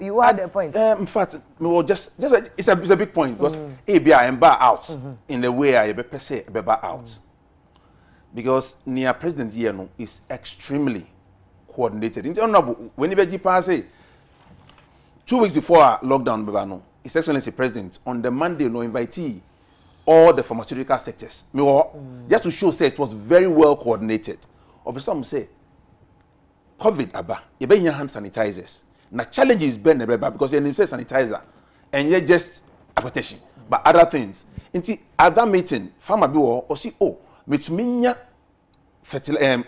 you you had a point. Um, in fact, well, just just a, it's a it's a big point because mm. ebi I am bar out mm -hmm. in the way I be per se be bar out mm. because near president Yeno is extremely coordinated. Nti honorable when he be pass two weeks before lockdown be no His Excellency President on the Monday no invitee all the pharmaceutical sectors. Me mm. just to show say it was very well coordinated. Or some say COVID aba, you hand sanitizers na challenges bẹ́ẹ̀ na ɛbɛba because ɛnim sɛ sanitizer ɛnyɛ just application but other things nti at that meeting farmer bi wɔ hɔ ɔsi o oh, metumi nya fertilizer um,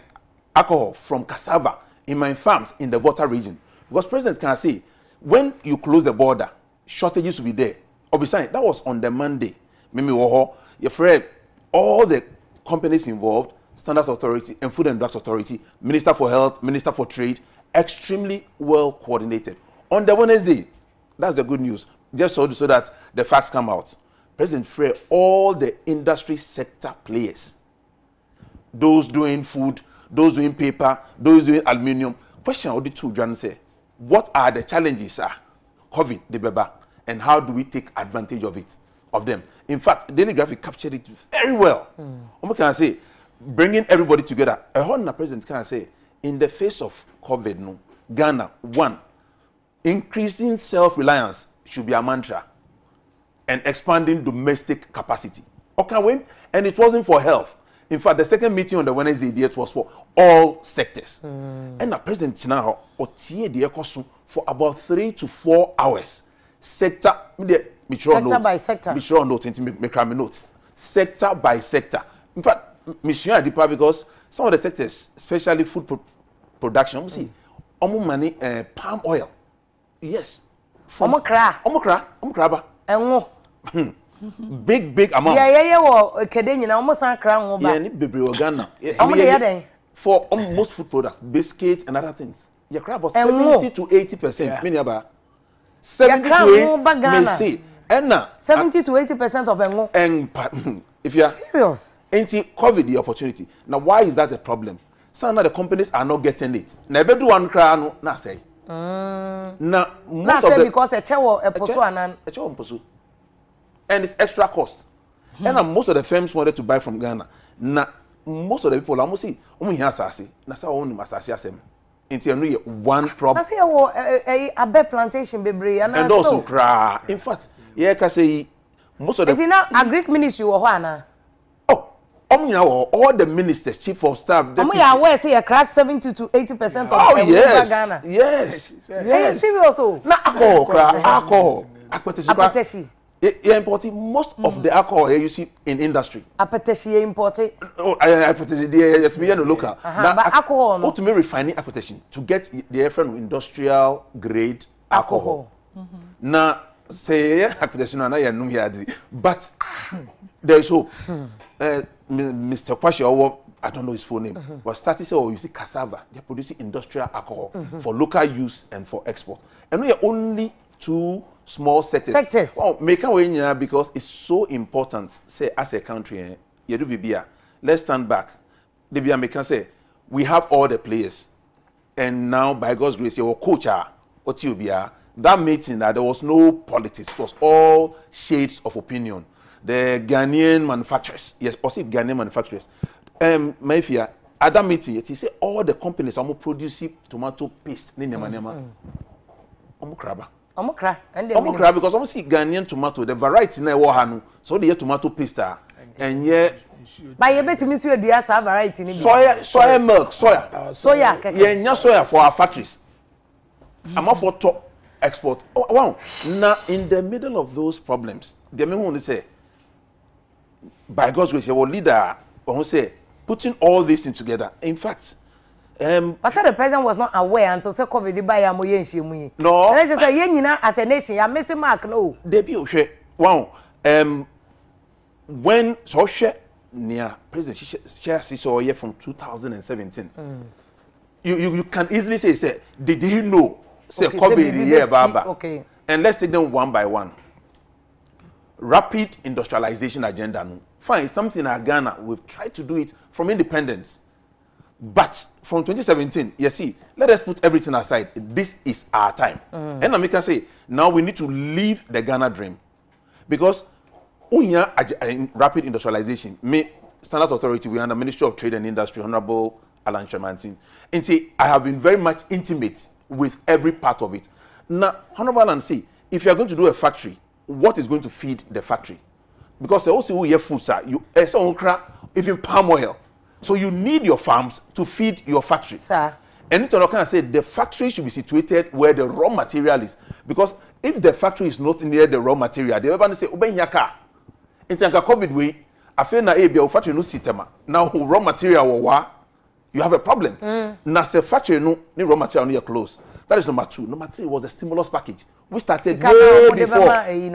alcohol from cassava in my farms in the water region because president can say when you close the border shortages will be there obisan that was on the monday mimi wɔ hɔ yɛfrɛ all the companies involved standards authority and food and drugs authority minister for health minister for trade extremely well coordinated. On the Wednesday, that's the good news, just so, so that the facts come out. President Frey, all the industry sector players, those doing food, those doing paper, those doing aluminium, question all the two, John say, what are the challenges are COVID, the Beba, and how do we take advantage of it, of them? In fact, Daily Graphic captured it very well. Mm. can I say, bringing everybody together, a hundred president can I say, in the face of COVID, no, Ghana, one, increasing self-reliance should be a mantra and expanding domestic capacity. Okay, wait, and it wasn't for health. In fact, the second meeting on the Wednesday date was for all sectors. Mm. And the president now, Otie Diekosu, for about three to four hours. Sector, sector note, by sector. Be note, me, me, notes. Sector by sector. In fact, misuse adipa because some of the sectors especially food pro production ọmọ si ọmọ ma ni eh, palm oil yes. ọmọ kra ọmọ kra ọmọ kra ba. ẹnwo. Hmm. big big amount. yẹ yẹ yẹ wọ kẹdẹ nyina ọmọ san kra ń ba. yẹ ni bebree wọ ghana. ọmọ de yẹ dẹ. for um, most food products biscuits and other things yẹ kra about seventy to eighty percent mi ni aba seventy to eighty may say ẹnna seventy to eighty percent of ẹnwo. ẹnpa. Hmm if you are serious nti covid the opportunity Now, why is that a problem So now the companies are not getting it na ebe do one kra no na say mm. Now most of the na say because e chewo e poso anan e chewo pursue. and it's extra cost hmm. and uh, most of the firms wanted to buy from Ghana Now most of the people almost see omo hin asase na say omo nim asase asem nti ẹnu yẹ one problem. na say ẹ oh, wọ eh, eh, eh, plantation baby. and also kra in fact yeah, because most of them. nti na agric ministry wɔ hɔ ana. Oh, ọmọ nyina wọ all the ministers chief of staff. ọmọ yà awọ ẹsẹ yẹ crash seventy to eighty percent of ẹwọ oh, nípa ghana. yes yes yes. ẹ serious na alcohol kra alcohol apẹtẹsi kra apẹtẹsi. yẹ importi most of the alcohol here. you see in industry. apẹtẹsi yẹ importi. Oh, apẹtẹsi di yẹ yẹ tumi yẹ no local. But alcohol no. to tumi refining apẹtẹsi to get the different industrial grade alcohol. Now. Say yeah, yɛyɛ akpɛtɛsi no ana yɛ num yɛ adi but there is hope uh, eh, mr kwashi ɔwɔ i don't know his full name mm -hmm. was starting say oh you see cassava they're producing industrial alcohol mm -hmm. for local use and for export and we are only two small sectors sectors well make our way nyinaa because it's so important say as a country eh yɛ do bibi a let's stand back de bi ameka say we have all the players and now by god's grace yɛ wɔ coach a ah, ɔti obiara that meeting that there was no politics it was all shades of opinion the ghanaian manufacturers yes possibly ghanaian manufacturers um, mefia at that meeting yet he said all the companies are producing tomato paste ní nìyẹn nìyẹn mm-hmm. ọmọ kura ba ọmọ kura ọmọ kura because ọmọ see ghanaian tomato the variety náà ẹwọ hanu. so ó de tomato paste a ẹnyẹ. báyẹn bẹ́ẹ̀ tí mi sún èdè àṣà variety níbi. soya soya milk soya. soya Yeah, yẹn nya soya for our factories àmọ́ for tọ́ export oh, wow now in the middle of those problems the ehun ni say by God's grace your leader ọhún say putting all these things together in fact. Um, but the president was not aware until say COVID ba ya mo mu no and then just say yẹn nyina as a nation ya missing mark no. debi ohwẹ wow um, when sọ hwẹ nia president she sisi ọyẹ from two thousand and seventeen hmm. you you you can easily say say did he know say covid Baba. Okay. and let's take them one by one rapid industrialization agenda no fine something na ghana we've tried to do it from independence but from 2017 you see let us put everything aside this is our time mm. and amika say now we need to leave the ghana dream because unya in rapid industrialization me standards authority we are under ministry of trade and industry honorable alan shamantin and see, i have been very much intimate with every part of it. Now, Honorable and see, if you are going to do a factory, what is going to feed the factory? Because they also hear food, sir. You, even palm oil. So you need your farms to feed your factory. Sir. And Tanokan kind of said the factory should be situated where the raw material is. Because if the factory is not near the raw material, the urban say, Uben yaka. In like a COVID way. I feel na ebia factory no sitema. Now raw material wa you have a problem. Mm. Na sɛ factory no ne raw material no yɛ close. That is number two. Number three was the stimulus package We started way before. Eh,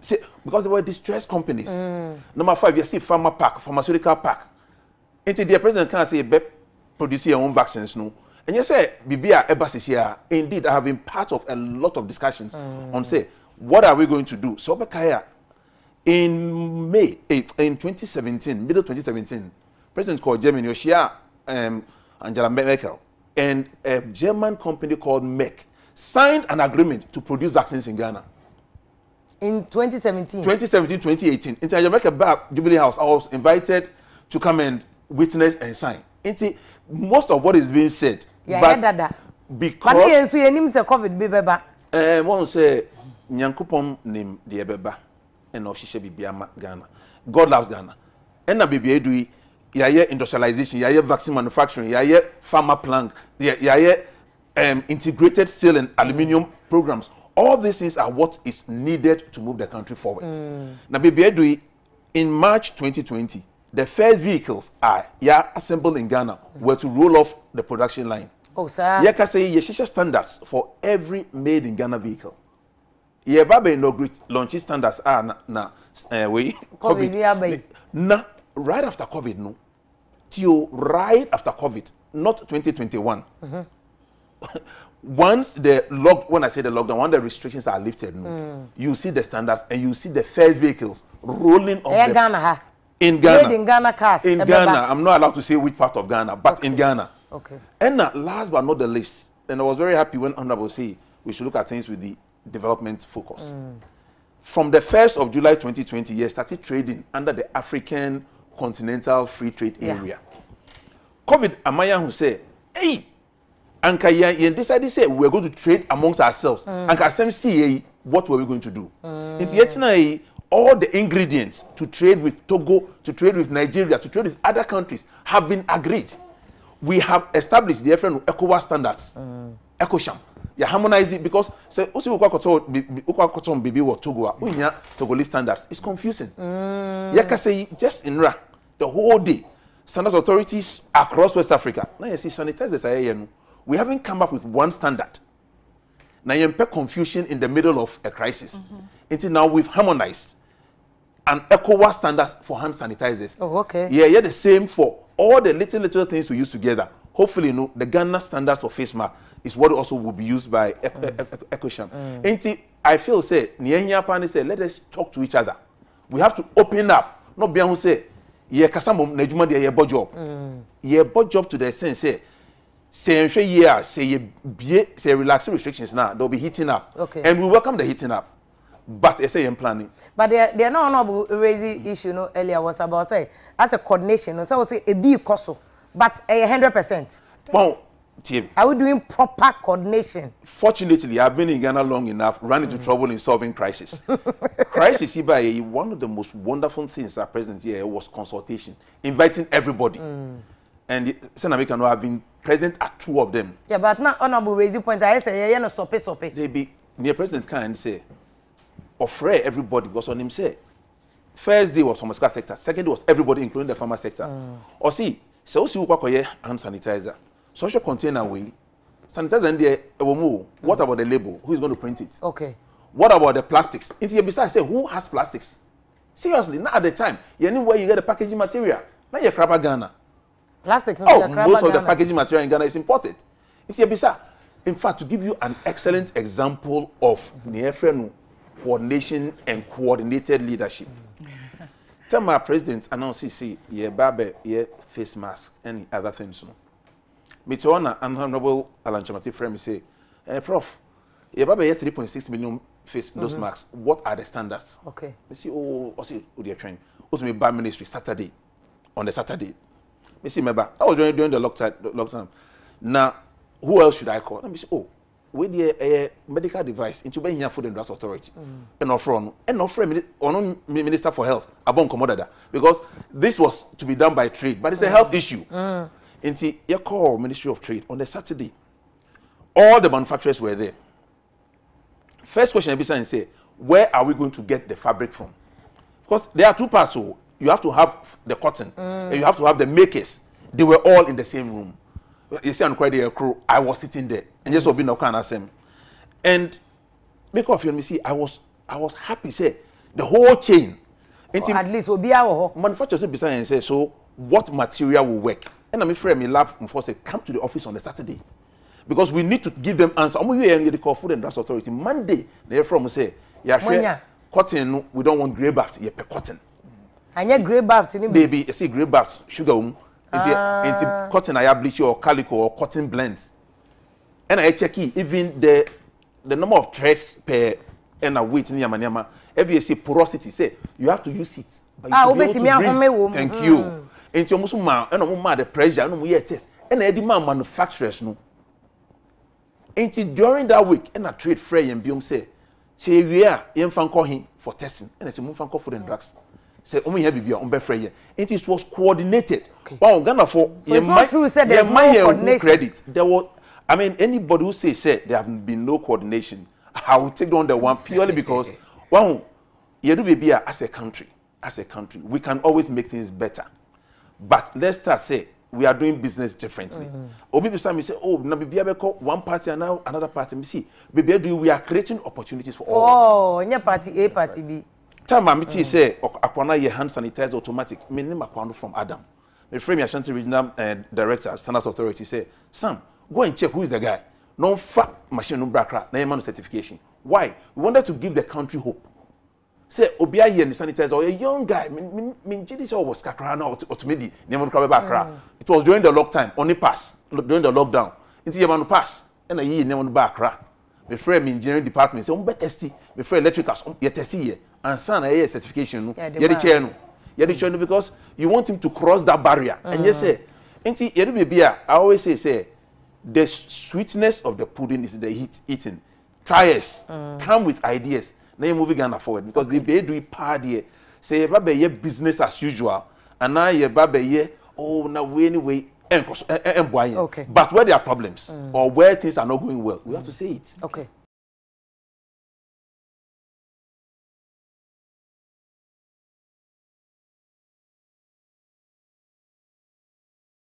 see, because they were distressed companies. Mm. Number five, you see pharma pack, pharmaceutical pack. Nti the president can say "Be producing your own vaccines no. And you say bibi a ɛba sisi indeed I have been part of a lot of discussions mm. on say what are we going to do. So in May 8 eh, in 2017 middle 2017 president called Germany Yoshia um, Angela Merkel and a German company called Merck signed an agreement to produce vaccines in Ghana. In 2017? 2017, 2018. Into Angela Merkel back Jubilee House, I was invited to come and witness and sign. Into most of what is being said. Yeah, but yeah, that, that. because. But yes, you name COVID be beba. Eh, one say nyankopon nim de ebeba And no she be Ghana. God loves Ghana. And e na baby do yɛayɛ industrialization yɛayɛ vaccine manufacturing yɛayɛ pharma plant yɛayɛ um, integrated steel and aluminium programs all these things are what is needed to move the country forward. Mm. na baby edu in march 2020 the first vehicles are yɛ assembled in ghana mm. were to roll off the production line. oh sir yɛ kasa yɛ hyehyɛ standards for every made in ghana vehicle yɛ ba bɛ inaugurate launching standards a ah, na na uh, eh, wei covid na right after covid no. till right after COVID, not 2021. Mm -hmm. once the lock, when I say the lockdown, when the restrictions are lifted, mm. you see the standards and you see the first vehicles rolling off. In Ghana, huh? In Ghana. Made in Ghana cars. In Ghana. I'm not allowed to say which part of Ghana, but okay. in Ghana. Okay. And uh, last but not the least, and I was very happy when Honorable say we should look at things with the development focus. Mm. From the 1st of July 2020, yes, started trading under the African continental free trade yeah. area covid amayahu sɛ eyi anka yɛn yɛn decide sɛ we are going to trade amongst ourselves mm. anka asɛm si what were we going to do mm. nti yɛtena yi all the ingredients to trade with togo to trade with nigeria to trade with other countries have been agreed we have established the efren ecowas standards mm. ecosham yɛ harmonize it because sɛ o si okwa kɔtɔ okwa kɔtɔ bibi wɔ togo a o nya togolese standards it's confusing yɛ kasa yi just nra the whole day standards authorities across west africa na yɛ si sanitizers a yɛyɛ no we haven't come up with one standard na yɛn pɛ confusion in the middle of a crisis mm-hmm. until now we've harmonized and ECOWAS standards for hand sanitizers. Oh, okay. Yeah, yeah, the same for all the little little things we use together hopefully you know, the Ghana standards for face mask is what also will be used by Ecosham. Mm. E-, e-, mm. I feel say Nyehia Pani say let us talk to each other. We have to open up. Not be able say ye kasamo nejuma de ye job. Mm. Ye job to the extent say say nhwe ye a say ye bie say relaxing restrictions now they'll be heating up. Okay. And we welcome the heating up. But I say I'm planning. But they they no no raising issue no earlier was about say as a coordination. So say e bi koso but a eh, hundred percent. Well, team. Are we doing proper coordination? Fortunately, I've been in Ghana long enough, run into mm. trouble in solving crisis. crisis, Ibaye, eh, one of the most wonderful things that present here was consultation, inviting everybody. Mm. And eh, Senator Mekano have been present at two of them. Yeah, but now honorable raising point, I say, yeah, no, sope, sope. They be near President Khan say, offer everybody because on him say, first day was from the sector, second day was everybody, including the farmer sector. Mm. Or see, sɛ wosi wo kɔkɔyɛ hand sanitizer so ɔhwɛ container wei sanitizer no deɛ ɛwɔ mu o what about the label who is going to print it okay. what about the plastics nti yɛbisa sɛ who has plastics seriously na at the time yɛne where you get the packaging material na yɛ kraba ghana plastic oh, no oh, yɛ kraba ghana oh most of the packaging material in ghana is imported nti yɛbisa in fact to give you an excellent example of mm -hmm. neefre no coordination and coordinated leadership. Mm -hmm. Tell my president announce say yẹ ba bẹ face mask any other things no mìtì ọ̀ na honourable alan chamati frẹ́ mi say eh, prof yẹ ba bẹ 3.6 million face mm -hmm. those mm-hmm. masks what are the standards. okay Me mi si o ọ si o di ẹtwẹn o tún mi ba ministry saturday on the saturday Me say, mẹba that was during during the lockdown lockdown na who else should i call na mi si oh wei deɛ ɛyɛ medical device nti wobɛhia food and drugs authority mm. ɛna ɔfrɛ ɔno ɛna ɔfrɛ ɔno minister for health abɔ nkɔmmɔ dada because this was to be done by trade but it's a mm. health issue mm. nti call, ministry of trade on the saturday all the manufacturers were there first question ebisa n say where are we going to get the fabric from because there are two parts o oh. you have to have the cotton mm. and you have to have the makers they were all in the same room yɛsi anokora deɛ ɛkoro i was sitting there ɛnyɛ sɛ obi na ɔka anasɛm and make off your me see i was i was happy say the whole chain. nti at least obi awɔ hɔ. manufacturers no bisa yɛn sɛ so what material will work ɛna mi fira mi lab nfɔ say come to the office on the saturday because we need to give them answer ɔmo yi yɛn yɛ de call food and drugs authority monday na yɛ fira mo say yɛahwɛ cotton no we don want grey baft yɛ pɛ cotton. anyɛ grey baft ni bi. baby yɛ si grey baft sugar wɔm. Um, nti ah. nti cotton a bleach or calico or cotton blends ɛna yɛ check even the the number of threads per ɛna weight ni yamma nneɛma ɛbi yɛ say porosity say you have to use it but you ah, should be able to breathe thank mm. you nti wɔn nso maa ɛna wɔn maa the pressure ɛna wɔn yɛ test ɛna yɛde maa manufacturers no nti during that week ɛna trade fray yɛn biom sɛ sɛ yɛ wie a yɛn fa nkɔ hin for testing ɛna sɛ mo fa nkɔ food and drugs sɛ ɔmo yɛ biribi a ɔmo bɛ fɛ yɛ it is was coordinated okay. wow Ghana for yɛ ma yɛ ma yɛ who credit there was i mean anybody who say say there have been no coordination i will take down the one purely because wow yɛdu baabi a as a country as a country we can always make things better but let's start say we are doing business differently. Mm-hmm. Obi bisa mi say oh na bibi abeko one party and now another party mi see bibi do we are creating opportunities for all. Oh, nye party A party B time maame tii sɛ akwana yɛ hand sanitizer automatic me ne makwana from adam me frame yashanti regional uh, director standards authority say, sam go and check who is the guy No nfa machine no brakra na yɛ ma no certification why we wanted to give the country hope Say obi ayɛ ne sanitizer ɔyɛ young guy me ngye di sɛ ɔwɔ sika koraa na ɔtumi di nneɛma no koraa bɛba akra mm. it was during the lock time only pass during the lockdown nti yɛ ma no pass ɛna yiyi nneɛma no ba akra mefrɛ me engineering department sɛ ɔmo bɛ testi mefrɛ electricals um, yɛ testi yɛ And son, I hear certification no the chair. no yeah, the chair. no because you want him to cross that barrier ɛnyɛ mm. sɛ nti yɛde beebi a i always say say the sweetness of the pudding is the heat eating trials mm. come with ideas na yɛ movie ghana forward because beebi edu paa deɛ sɛ yɛba bɛyɛ business as usual And now, bɛyɛ oh na Oh, now we anyway, so ɛnbɔ anyi but where there are problems mm. or where things are not going well we have to say it. Okay.